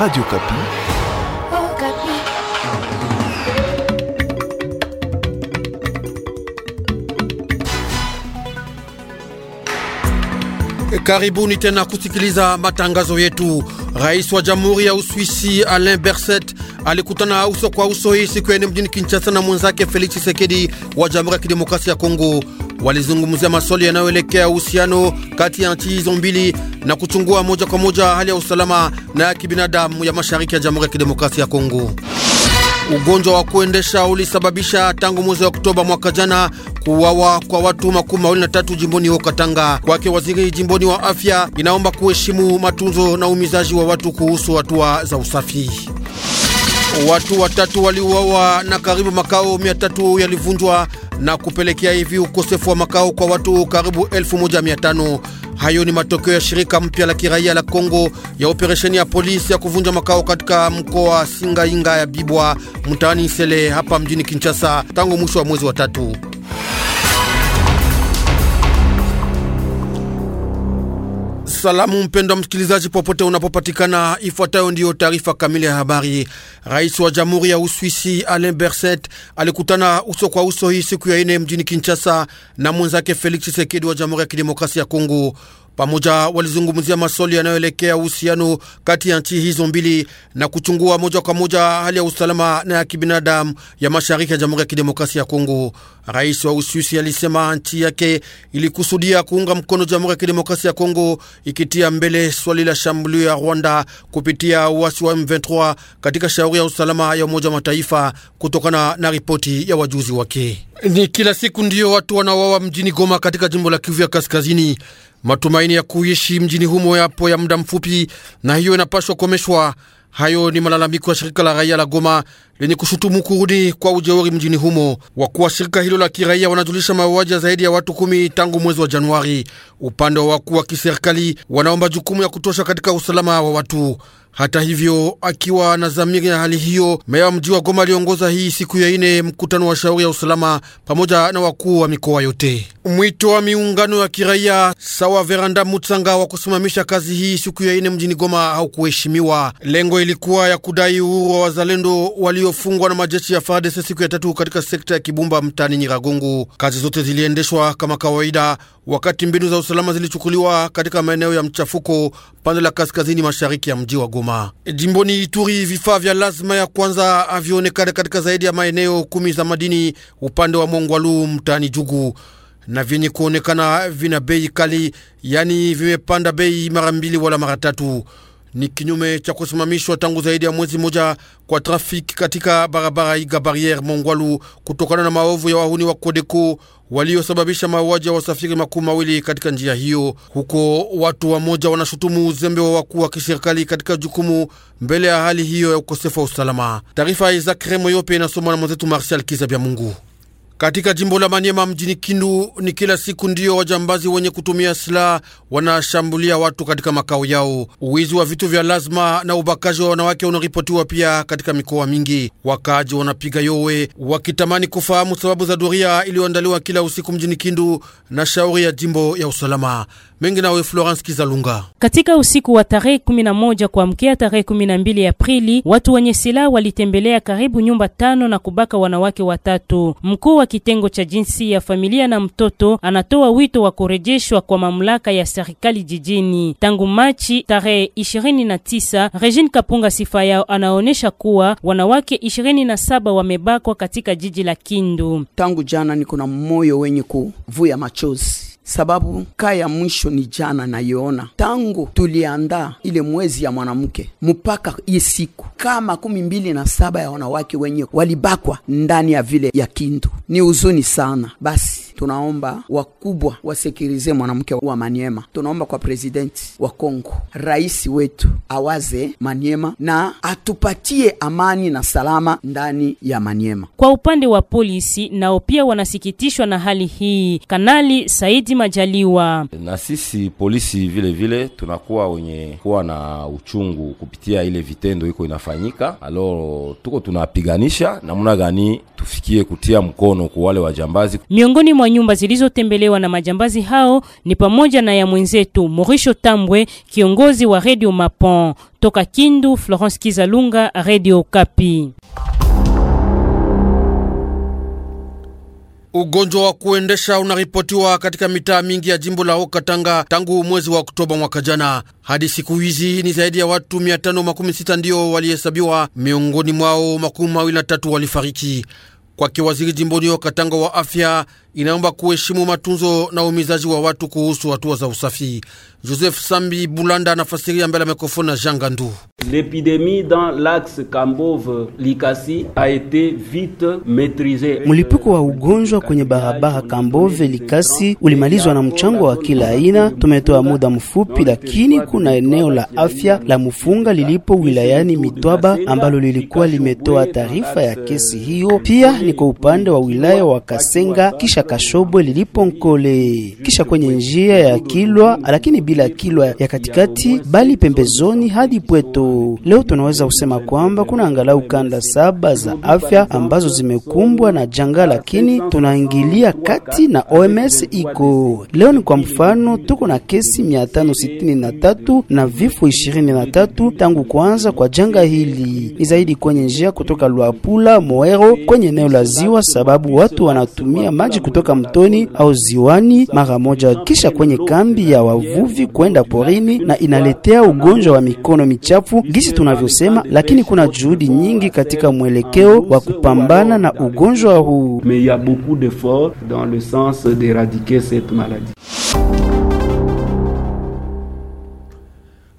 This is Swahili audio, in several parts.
Radio Kapi. Oh, Kapi. Karibuni tena kusikiliza matangazo yetu. Rais wa Jamhuri ya Uswisi Alain Berset alikutana uso kwa uso hii siku ya nne mjini Kinshasa na mwenzake Felix Tshisekedi wa Jamhuri ya Kidemokrasia ya Kongo walizungumzia maswali yanayoelekea uhusiano kati ya nchi hizo mbili na kuchungua moja kwa moja hali ya usalama na ya kibinadamu ya mashariki ya Jamhuri ya Kidemokrasia ya Kongo. Ugonjwa wa kuendesha ulisababisha tangu mwezi wa Oktoba mwaka jana kuuawa kwa watu makumi mawili na tatu jimboni huko Katanga. Kwake waziri jimboni wa afya inaomba kuheshimu matunzo na umizaji wa watu kuhusu hatua za usafi. Watu watatu waliuawa na karibu makao mia tatu yalivunjwa na kupelekea hivi ukosefu wa makao kwa watu karibu 1500. Hayo ni matokeo ya shirika mpya la kiraia la Kongo ya operesheni ya polisi ya kuvunja makao katika mkoa wa Singainga ya Bibwa mtaani Sele hapa mjini Kinshasa tangu mwisho wa mwezi wa tatu. Salamu mpendwa msikilizaji, popote unapopatikana, ifuatayo ndiyo taarifa kamili ya habari. Rais wa Jamhuri ya Uswisi Alain Berset alikutana uso kwa uso hii siku ya ine mjini Kinshasa na mwenzake Felix Chisekedi wa Jamhuri ya Kidemokrasia ya Kongo. Pamoja walizungumzia maswali yanayoelekea uhusiano kati ya nchi hizo mbili na kuchungua moja kwa moja hali ya usalama na ya kibinadamu ya mashariki ya Jamhuri ya Kidemokrasia ya Kongo. Rais wa Uswisi alisema nchi yake ilikusudia kuunga mkono Jamhuri ya Kidemokrasia ya Kongo, ikitia mbele swali la shambulio ya Rwanda kupitia uasi wa M23 katika shauri ya usalama ya Umoja wa Mataifa, kutokana na ripoti ya wajuzi wake. Ni kila siku ndiyo watu wanawawa mjini Goma katika jimbo la Kivu ya Kaskazini. Matumaini ya kuishi mjini humo yapo ya muda mfupi, na hiyo inapashwa komeshwa. Hayo ni malalamiko ya shirika la raia la Goma lenye kushutumu kurudi kwa ujeuri mjini humo. Wakuu wa shirika hilo la kiraia wanajulisha mauaji ya zaidi ya watu kumi tangu mwezi wa Januari. Upande wa wakuu wa kiserikali wanaomba jukumu ya kutosha katika usalama wa watu. Hata hivyo, akiwa na zamiri ya hali hiyo, meya wa mji wa Goma aliongoza hii siku ya ine mkutano wa shauri ya usalama pamoja na wakuu wa mikoa yote. Mwito wa miungano ya kiraia sawa Veranda Mutsanga wa kusimamisha kazi hii siku ya ine mjini Goma haukuheshimiwa. Lengo ilikuwa ya kudai uhuru wa wazalendo waliofungwa na majeshi ya FARDC siku ya tatu katika sekta ya Kibumba mtani Nyiragongo. Kazi zote ziliendeshwa kama kawaida, wakati mbinu za usalama zilichukuliwa katika maeneo ya mchafuko pande la kaskazini mashariki ya mji wa Goma. Jimboni Ituri, vifaa vya lazima ya kwanza havionekane katika zaidi ya maeneo kumi za madini upande wa Mongwalu mtani Jugu na vyenye kuonekana vina bei kali, yani vimepanda bei mara mbili wala mara tatu. Ni kinyume cha kusimamishwa tangu zaidi ya mwezi moja kwa trafiki katika barabara Iga Barriere Mongwalu kutokana na maovu ya wahuni wa Kodeko waliosababisha mauaji ya wasafiri makumi mawili katika njia hiyo. Huko watu wa moja wanashutumu uzembe wa wakuu wa kiserikali katika jukumu mbele ya hali hiyo ya ukosefu wa usalama. Taarifa za Kremo yope inasomwa na mwenzetu Marshal Kiza Bya Mungu. Katika jimbo la Manyema mjini Kindu ni kila siku ndiyo wajambazi wenye kutumia silaha wanashambulia watu katika makao yao. Uwizi wa vitu vya lazima na ubakaji wa wanawake unaripotiwa pia katika mikoa mingi. Wakaaji wanapiga yowe wakitamani kufahamu sababu za doria iliyoandaliwa kila usiku mjini Kindu na shauri ya jimbo ya usalama mengi nawe Florence Kizalunga. Katika usiku wa tarehe 11 kuamkia tarehe 12 Aprili, watu wenye silaha walitembelea karibu nyumba tano na kubaka wanawake watatu. Mkuu wa kitengo cha jinsi ya familia na mtoto anatoa wito wa kurejeshwa kwa mamlaka ya serikali jijini. Tangu Machi tarehe 29, Regine Kapunga sifa yao anaonyesha kuwa wanawake 27 wamebakwa katika jiji la Kindu. Tangu jana niko na moyo wenye kuvuya machozi sababu kaa ya mwisho ni jana nayoona tangu tuliandaa ile mwezi ya mwanamke mpaka hii siku kaa makumi mbili na saba ya wanawake wenye walibakwa ndani ya vile ya Kindu. Ni huzuni sana basi tunaomba wakubwa wasekirize mwanamke wa Maniema, tunaomba kwa presidenti wa Kongo, rais wetu awaze Maniema na atupatie amani na salama ndani ya Maniema. Kwa upande wa polisi nao pia wanasikitishwa na hali hii. Kanali Saidi Majaliwa: na sisi polisi vile vile tunakuwa wenye kuwa na uchungu kupitia ile vitendo iko inafanyika, alo tuko tunapiganisha namna gani tufikie kutia mkono kwa wale wajambazi miongoni mwa mwa nyumba zilizotembelewa na majambazi hao ni pamoja na ya mwenzetu Morisho Tambwe, kiongozi wa Radio Mapon. Toka Kindu, Florence Kizalunga, Radio Kapi. Ugonjwa wa kuendesha unaripotiwa katika mitaa mingi ya jimbo la okatanga tangu mwezi wa Oktoba mwaka jana hadi siku hizi. Ni zaidi ya watu 516 ndio walihesabiwa, miongoni mwao makumi mawili na tatu walifariki. Kwake waziri jimboni okatanga wa afya, inaomba kuheshimu matunzo na umizaji wa watu kuhusu hatua za usafi. Joseph Sambi Bulanda anafasiria mbele ya mikrofoni na Jean Gandu. L'epidemie dans l'axe Kambove Likasi a été vite maitrisee. Mlipuko wa ugonjwa kwenye barabara Kambove Likasi ulimalizwa na mchango wa kila aina, tumetoa muda mfupi, lakini kuna eneo la afya la Mufunga lilipo wilayani Mitwaba ambalo lilikuwa limetoa taarifa ya kesi hiyo. Pia ni kwa upande wa wilaya wa Kasenga kisha Kashobwe lilipo Nkole, kisha kwenye njia ya Kilwa, lakini bila Kilwa ya katikati, bali pembezoni hadi Pweto. Leo tunaweza kusema kwamba kuna angalau kanda saba za afya ambazo zimekumbwa na janga, lakini tunaingilia kati na OMS iko leo. Ni kwa mfano, tuko na kesi 563 na vifo 23 tangu kuanza kwa janga hili, ni zaidi kwenye njia kutoka Luapula Moero kwenye eneo la ziwa, sababu watu wanatumia maji kutoka mtoni au ziwani mara moja, kisha kwenye kambi ya wavuvi kwenda porini, na inaletea ugonjwa wa mikono michafu gisi tunavyosema, lakini kuna juhudi nyingi katika mwelekeo wa kupambana na ugonjwa huu. Mais il y a beaucoup d'efforts dans le sens d'éradiquer cette maladie.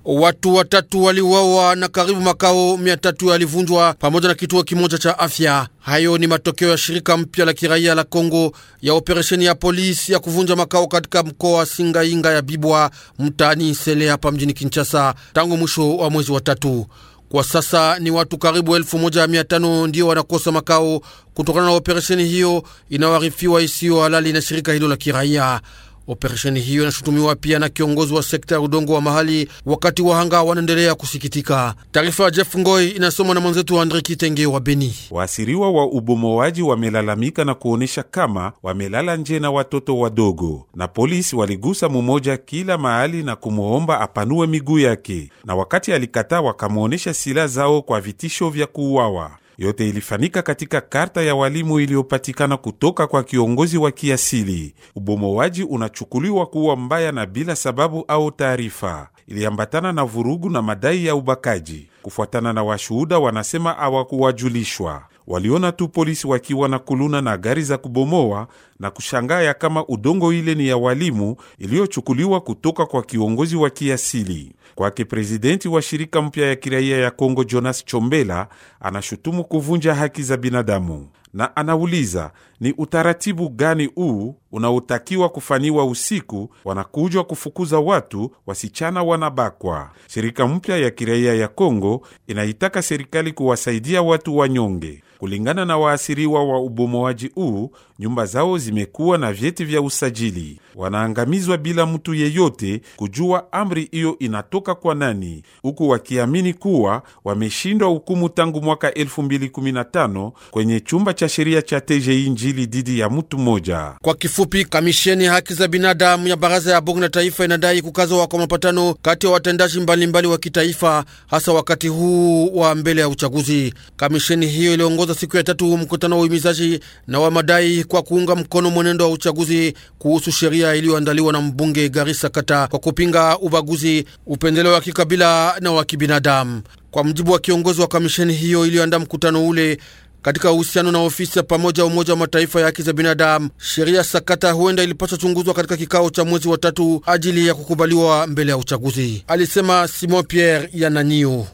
watu watatu waliuawa na karibu makao mia tatu yalivunjwa pamoja na kituo kimoja cha afya. Hayo ni matokeo ya shirika mpya la kiraia la Kongo ya operesheni ya polisi ya kuvunja makao katika mkoa wa Singainga ya Bibwa mtaani Sele hapa mjini Kinshasa tangu mwisho wa mwezi wa tatu. Kwa sasa ni watu karibu elfu moja mia tano wanakosa makao kutokana na operesheni hiyo inayoarifiwa isiyo halali na shirika hilo la kiraia. Operesheni hiyo inashutumiwa pia na kiongozi wa sekta ya udongo wa mahali, wakati wahanga wanaendelea kusikitika. Taarifa ya Jeff Ngoi inasomwa na mwenzetu Andre Kitenge wa Beni. Waasiriwa wa ubomoaji wamelalamika na kuonyesha kama wamelala nje na watoto wadogo, na polisi waligusa mumoja kila mahali na kumwomba apanue miguu yake, na wakati alikataa wakamwonyesha silaha zao kwa vitisho vya kuuawa. Yote ilifanyika katika karta ya walimu iliyopatikana kutoka kwa kiongozi wa kiasili. Ubomoaji unachukuliwa kuwa mbaya na bila sababu au taarifa, iliambatana na vurugu na madai ya ubakaji. Kufuatana na washuhuda, wanasema hawakuwajulishwa Waliona tu polisi wakiwa na kuluna na gari za kubomoa na kushangaa ya kama udongo ile ni ya walimu iliyochukuliwa kutoka kwa kiongozi wa kiasili. Kwake prezidenti wa shirika mpya ya kiraia ya Kongo Jonas Chombela anashutumu kuvunja haki za binadamu na anauliza ni utaratibu gani huu unaotakiwa kufanyiwa usiku wanakujwa kufukuza watu wasichana wanabakwa. Shirika mpya ya kiraia ya Kongo inaitaka serikali kuwasaidia watu wanyonge. Kulingana na waasiriwa wa ubomoaji huu, nyumba zao zimekuwa na vyeti vya usajili. Wanaangamizwa bila mtu yeyote kujua amri hiyo inatoka kwa nani, huku wakiamini kuwa wameshindwa hukumu tangu mwaka 2015 kwenye chumba cha sheria cha TJI Njili dhidi ya mtu mmoja. Kwa kifupi, kamisheni haki za binadamu ya baraza ya bunge la taifa inadai kukazwa kwa mapatano kati ya watendaji mbalimbali wa kitaifa, hasa wakati huu wa mbele ya uchaguzi. Kamisheni hiyo iliongoza siku ya tatu mkutano wa uhimizaji na wa madai kwa kuunga mkono mwenendo wa uchaguzi kuhusu sheria iliyoandaliwa na mbunge Garissa Kata kwa kupinga ubaguzi, upendeleo wa kikabila na wa kibinadamu. Kwa mjibu wa kiongozi wa kamisheni hiyo iliyoandaa mkutano ule katika uhusiano na ofisi ya pamoja ya Umoja wa Mataifa ya haki za binadamu, sheria sakata huenda ilipaswa chunguzwa katika kikao cha mwezi wa tatu ajili ya kukubaliwa mbele ya uchaguzi, alisema Simon Pierre Yananiu.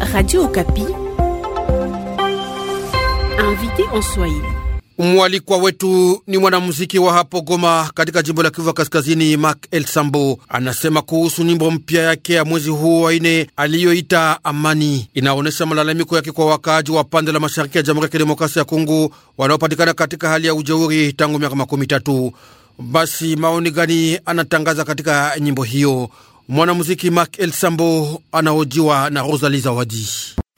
Radio Okapi. Invité en Swahili. Mwalikwa wetu ni mwanamuziki wa hapo Goma katika jimbo la Kivu Kaskazini, Mark El Sambo anasema kuhusu nyimbo mpya yake ya mwezi huu wa ine aliyoita Amani. Inaonyesha malalamiko yake kwa wakaaji wa pande la mashariki ya Jamhuri ya Kidemokrasia ya Kongo wanaopatikana katika hali ya ujeuri tangu miaka makumi tatu. Basi maoni gani anatangaza katika nyimbo hiyo? Mwanamuziki Mark El Sambo anaojiwa na Rosalie Zawadi.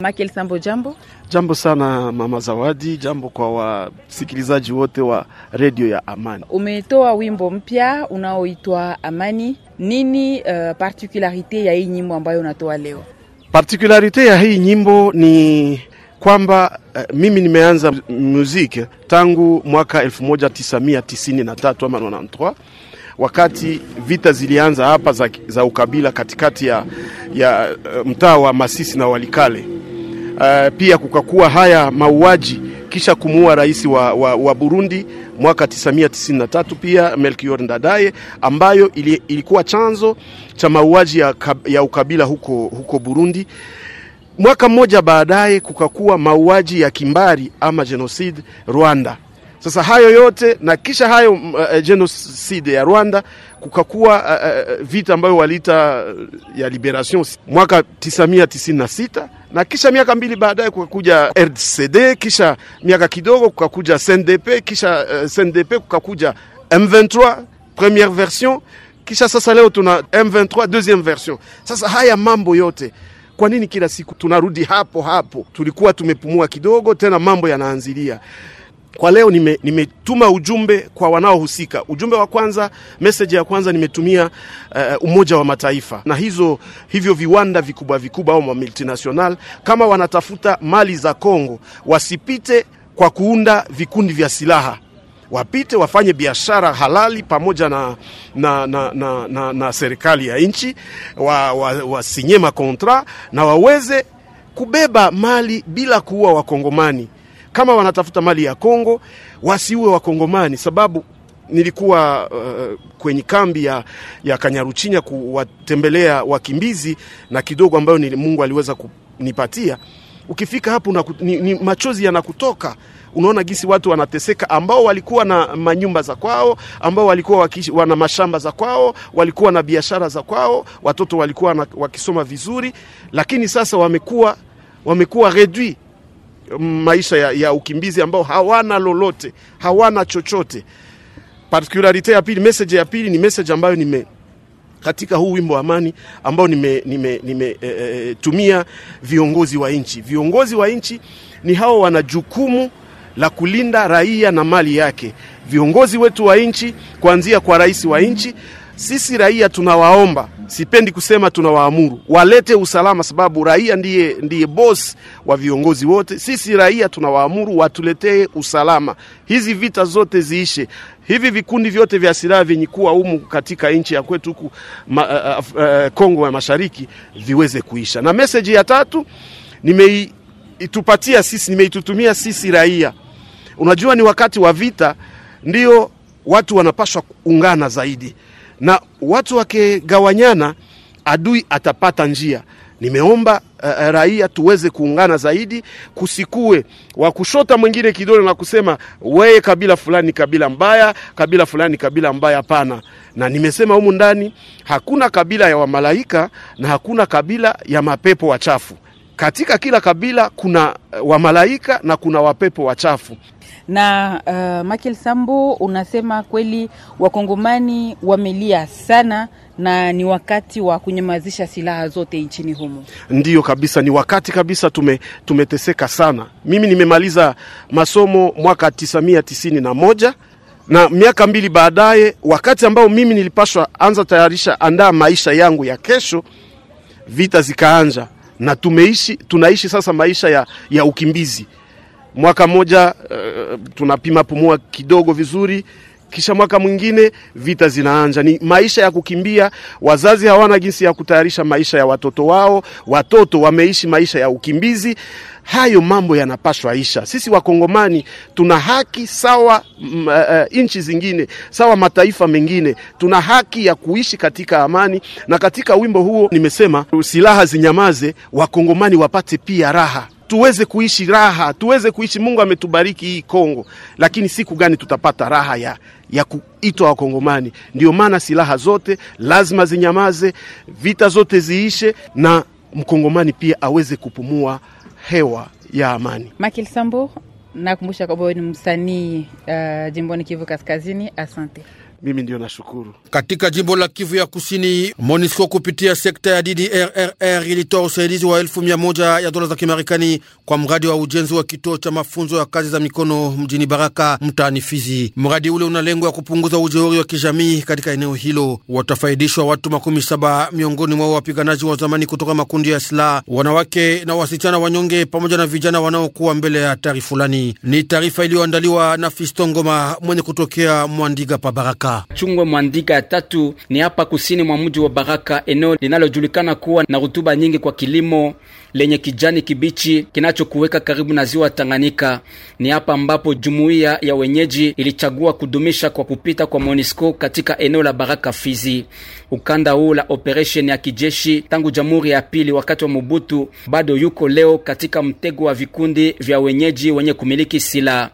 Mark El Sambo, jambo. Jambo sana mama Zawadi, jambo kwa wasikilizaji wote wa redio ya Amani. Umetoa wimbo mpya unaoitwa Amani. Nini uh, particularite ya hii nyimbo ambayo unatoa leo? Particularite ya hii nyimbo ni kwamba uh, mimi nimeanza muziki tangu mwaka 1993 ama 93 wakati vita zilianza hapa za, za ukabila katikati ya, ya eh, mtaa wa Masisi na Walikale. Uh, pia kukakuwa haya mauaji kisha kumuua rais wa, wa, wa Burundi mwaka 1993 pia Melchior Ndadaye, ambayo ili, ilikuwa chanzo cha mauaji ya, ya ukabila huko, huko Burundi. Mwaka mmoja baadaye kukakuwa mauaji ya kimbari ama genocide Rwanda. Sasa hayo yote na kisha hayo uh, genocide ya Rwanda kukakuwa uh, eh, uh, vita ambayo waliita ya liberation mwaka 1996 na kisha miaka mbili baadaye kukakuja RCD, kisha miaka kidogo kukakuja CNDP, kisha uh, CNDP kukakuja M23 première version, kisha sasa leo tuna M23 deuxième version. Sasa haya mambo yote kwa nini kila siku tunarudi hapo hapo? Tulikuwa tumepumua kidogo, tena mambo yanaanzilia kwa leo nime, nimetuma ujumbe kwa wanaohusika. Ujumbe wa kwanza, message ya kwanza nimetumia uh, Umoja wa Mataifa na hizo hivyo viwanda vikubwa vikubwa au multinational, kama wanatafuta mali za Kongo wasipite kwa kuunda vikundi vya silaha wapite wafanye biashara halali pamoja na, na, na, na, na, na serikali ya nchi wasinye wa, wa makontra na waweze kubeba mali bila kuua Wakongomani. Kama wanatafuta mali ya Kongo wasiue Wakongomani, sababu nilikuwa uh, kwenye kambi ya, ya Kanyaruchinya kuwatembelea wakimbizi na kidogo ambayo ni Mungu aliweza kunipatia. Ukifika hapo na, ni, ni machozi yanakutoka unaona gisi watu wanateseka, ambao walikuwa na manyumba za kwao, ambao walikuwa wakishi, wana mashamba za kwao, walikuwa na biashara za kwao, watoto walikuwa na, wakisoma vizuri, lakini sasa wamekuwa wamekuwa reduit maisha ya, ya ukimbizi ambao hawana lolote, hawana chochote. Particularite ya pili, message ya pili ni message ambayo nime katika huu wimbo wa amani ambao nimetumia nime, nime, e, e, viongozi wa nchi. Viongozi wa nchi ni hao wana jukumu la kulinda raia na mali yake. Viongozi wetu wa nchi kuanzia kwa rais wa nchi sisi raia tunawaomba, sipendi kusema tunawaamuru, walete usalama, sababu raia ndiye, ndiye boss wa viongozi wote. Sisi raia tunawaamuru watuletee usalama, hizi vita zote ziishe, hivi vikundi vyote vya silaha vyenye kuwa humu katika nchi ya kwetu huku eh, eh, eh, Kongo ya Mashariki viweze kuisha. Na meseji ya tatu nimeitupatia sisi, nimeitutumia sisi raia. Unajua, ni wakati wa vita ndio watu wanapaswa kuungana zaidi na watu wakigawanyana, adui atapata njia. Nimeomba uh, raia tuweze kuungana zaidi, kusikue wa kushota mwingine kidole na kusema weye kabila fulani kabila mbaya, kabila fulani kabila mbaya. Hapana, na nimesema humu ndani hakuna kabila ya wamalaika na hakuna kabila ya mapepo wachafu. Katika kila kabila kuna eh, wamalaika na kuna wapepo wachafu na uh, Michael Sambo unasema kweli, wakongomani wamelia sana na ni wakati wa kunyamazisha silaha zote nchini humo. Ndiyo kabisa, ni wakati kabisa, tume, tumeteseka sana. Mimi nimemaliza masomo mwaka tisamia na moja na miaka mbili baadaye, wakati ambao mimi nilipashwa anza tayarisha andaa maisha yangu ya kesho, vita zikaanja na tumeishi tunaishi sasa maisha ya, ya ukimbizi mwaka mmoja uh, eh, tunapima pumua kidogo vizuri kisha mwaka mwingine vita zinaanza. Ni maisha ya kukimbia. Wazazi hawana jinsi ya kutayarisha maisha ya watoto wao, watoto wameishi maisha ya ukimbizi. Hayo mambo yanapashwa isha. Sisi Wakongomani tuna haki sawa, uh, nchi zingine sawa, mataifa mengine, tuna haki ya kuishi katika amani. Na katika wimbo huo nimesema silaha zinyamaze, Wakongomani wapate pia raha tuweze kuishi raha, tuweze kuishi. Mungu ametubariki hii Kongo, lakini siku gani tutapata raha ya, ya kuitwa Wakongomani? Ndio maana silaha zote lazima zinyamaze, vita zote ziishe, na mkongomani pia aweze kupumua hewa ya amani. Makil Sambo, nakumbusha kwamba ni msanii uh, jimboni Kivu Kaskazini. Asante mimi ndio nashukuru. Katika jimbo la Kivu ya Kusini, MONUSCO kupitia sekta ya DDRRR ilitoa usaidizi wa elfu mia moja ya dola za Kimarekani kwa mradi wa ujenzi wa kituo cha mafunzo ya kazi za mikono mjini Baraka, mtaani Fizi. Mradi ule una lengo ya kupunguza ujeuri wa kijamii katika eneo hilo. Watafaidishwa watu makumi saba, miongoni mwao wapiganaji wa zamani kutoka makundi ya silaha, wanawake na wasichana wanyonge, pamoja na vijana wanaokuwa mbele ya hatari fulani. Ni taarifa iliyoandaliwa na fistongoma mwenye kutokea Mwandiga pa Baraka. Baraka. Chungwe Mwandika ya tatu ni hapa kusini mwa mji wa Baraka, eneo linalojulikana kuwa na rutuba nyingi kwa kilimo lenye kijani kibichi kinachokuweka karibu na ziwa Tanganyika. Ni hapa ambapo jumuiya ya wenyeji ilichagua kudumisha kwa kupita kwa MONUSCO katika eneo la Baraka Fizi. Ukanda huu la operesheni ya kijeshi tangu Jamhuri ya Pili wakati wa Mobutu bado yuko leo katika mtego wa vikundi vya wenyeji wenye kumiliki silaha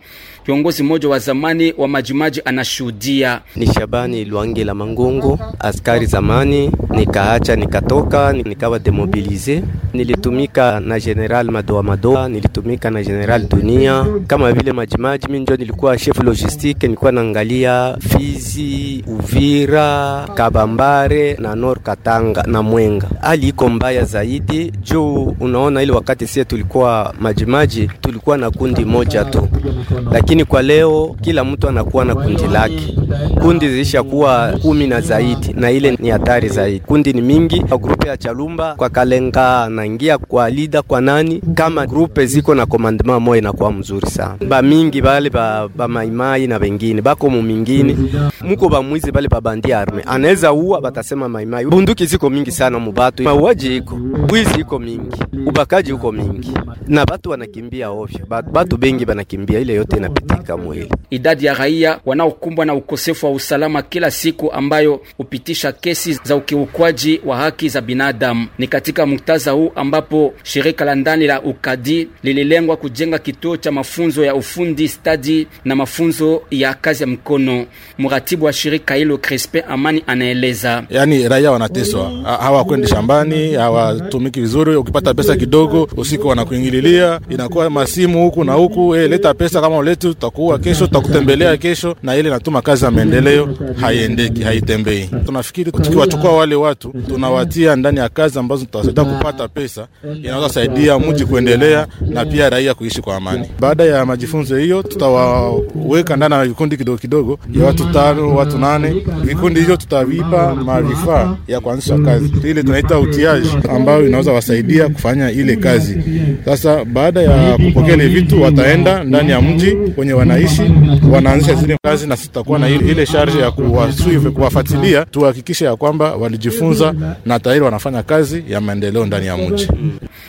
kiongozi mmoja wa zamani wa Majimaji anashuhudia. Ni Shabani Lwange la Mangongo, askari zamani, nikaacha nikatoka, nikawa demobilize. Nilitumika na General Madoa Madoa, nilitumika na General Dunia kama vile Majimaji. Mimi ndio nilikuwa chef logistique, nilikuwa naangalia Fizi, Uvira, Kabambare na Nor Katanga na Mwenga. Hali iko mbaya zaidi juu unaona ile wakati sie tulikuwa Majimaji tulikuwa na kundi moja tu, lakini lakini kwa leo kila mtu anakuwa na kundi lake. Kundi zilishakuwa kumi na zaidi, na ile ni hatari zaidi. Kundi ni mingi kwa grupe ya Chalumba, kwa Kalenga naingia kwa lida kwa nani, kama grupe ziko na komandema moja inakuwa mzuri sana. Ba mingi bale ba, ba maimai na bengine bako mumingine, muko ba mwizi bale ba bandia arme anaweza uwa, batasema maimai. Bunduki ziko mingi sana mubatu, mauaji iko, bwizi iko mingi, ubakaji uko mingi, na batu wanakimbia ovyo, batu bengi banakimbia, ile yote inapita katika mwili. Idadi ya raia wanaokumbwa na ukosefu wa usalama kila siku ambayo hupitisha kesi za ukiukwaji wa haki za binadamu. Ni katika muktadha huu ambapo shirika la ndani la Ukadi lililengwa kujenga kituo cha mafunzo ya ufundi stadi na mafunzo ya kazi ya mkono. Mratibu wa shirika hilo Crispin Amani anaeleza. yani raia wanateswa, hawakwendi shambani, hawatumiki vizuri. Ukipata pesa kidogo usiku wanakuingililia, inakuwa masimu huku na huku, e, leta pesa kama uletu tutakuwa kesho, tutakutembelea kesho, na ile natuma kazi ya maendeleo haiendeki, haitembei. Tunafikiri tukiwachukua wale watu tunawatia ndani ya kazi ambazo tutawasaidia kupata pesa, inaweza saidia mji kuendelea na pia raia kuishi kwa amani. Baada ya majifunzo hiyo, tutawaweka ndani ya vikundi kidogo kidogo ya watu tano, watu nane. Vikundi hivyo tutavipa maarifa ya kuanzisha kazi ile tunaita utiaji, ambayo inaweza wasaidia kufanya ile kazi. Sasa baada ya kupokea ile vitu, wataenda ndani ya mji wenye wanaishi wanaanzisha zile kazi, na sitakuwa na ile sharge ya kuwaswive kuwafuatilia, tuhakikishe ya kwamba walijifunza na tayari wanafanya kazi ya maendeleo ndani ya mji.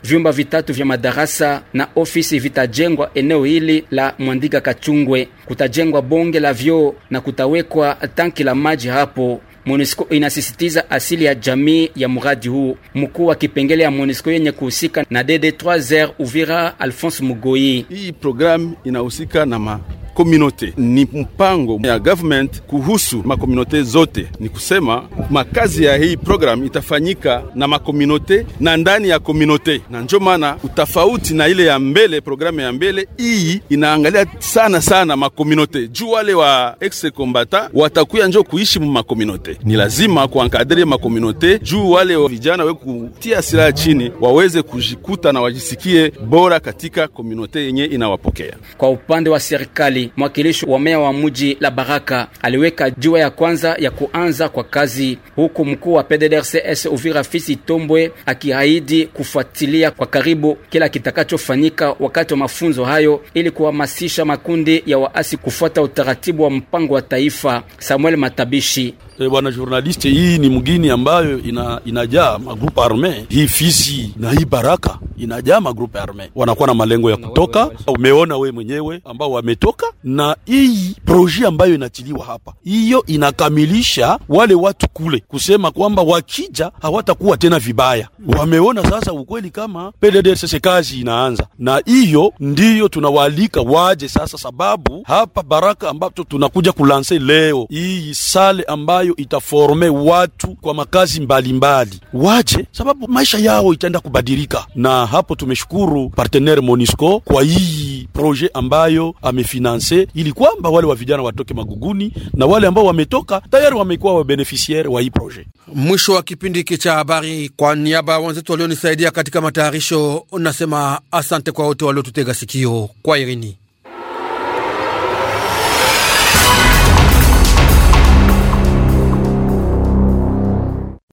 Vyumba vitatu vya madarasa na ofisi vitajengwa eneo hili la Mwandika Kachungwe, kutajengwa bonge la vyoo na kutawekwa tanki la maji hapo. MONUSCO inasisitiza asili ya jamii ya mradi huu. Mkuu wa kipengele ya MONUSCO yenye kuhusika na DD3R Uvira Alphonse Mugoi: hii programu inahusika na ma communauté. Ni mpango ya government kuhusu makomunote zote, ni kusema makazi ya hii program itafanyika na makomunote na ndani ya komunote, na njo maana utafauti na ile ya mbele, programu ya mbele hii inaangalia sana sana makomunote juu wale wa ex kombata watakuya njo kuishi mu makomunote. Ni lazima kuankadre makomunote juu wale wa vijana we kutia silaha chini waweze kujikuta na wajisikie bora katika komunote yenye inawapokea. Kwa upande wa serikali mwakilishi wa meya wa mji la Baraka, aliweka jua ya kwanza ya kuanza kwa kazi, huku mkuu wa PDDRCS Uvira Fisi Tombwe akiahidi kufuatilia kwa karibu kila kitakachofanyika wakati wa mafunzo hayo ili kuhamasisha makundi ya waasi kufuata utaratibu wa mpango wa taifa. Samuel Matabishi E, bwana journaliste, hii ni mgini ambayo ina, inajaa magrupe arme. Hii fisi na hii baraka inajaa magrupe arme, wanakuwa na malengo ya kutoka. Umeona we mwenyewe ambao wametoka na hii proje ambayo inatiliwa hapa, hiyo inakamilisha wale watu kule kusema kwamba wakija hawatakuwa tena vibaya. Wameona sasa ukweli kama PDDRCC kazi inaanza, na hiyo ndiyo tunawaalika waje sasa, sababu hapa baraka ambapo tunakuja kulanse leo hii sale ambayo ambayo itaforme watu kwa makazi mbalimbali mbali. Waje sababu maisha yao itaenda kubadilika, na hapo tumeshukuru partenaire Monisco kwa hii proje ambayo amefinanse ili kwamba wale wa vijana watoke maguguni na wale ambao wametoka tayari wamekuwa wabenefisiare wa hii proje. Mwisho wa kipindi hiki cha habari, kwa niaba ya wenzetu walionisaidia katika matayarisho, nasema asante kwa wote waliotutega sikio kwa irini.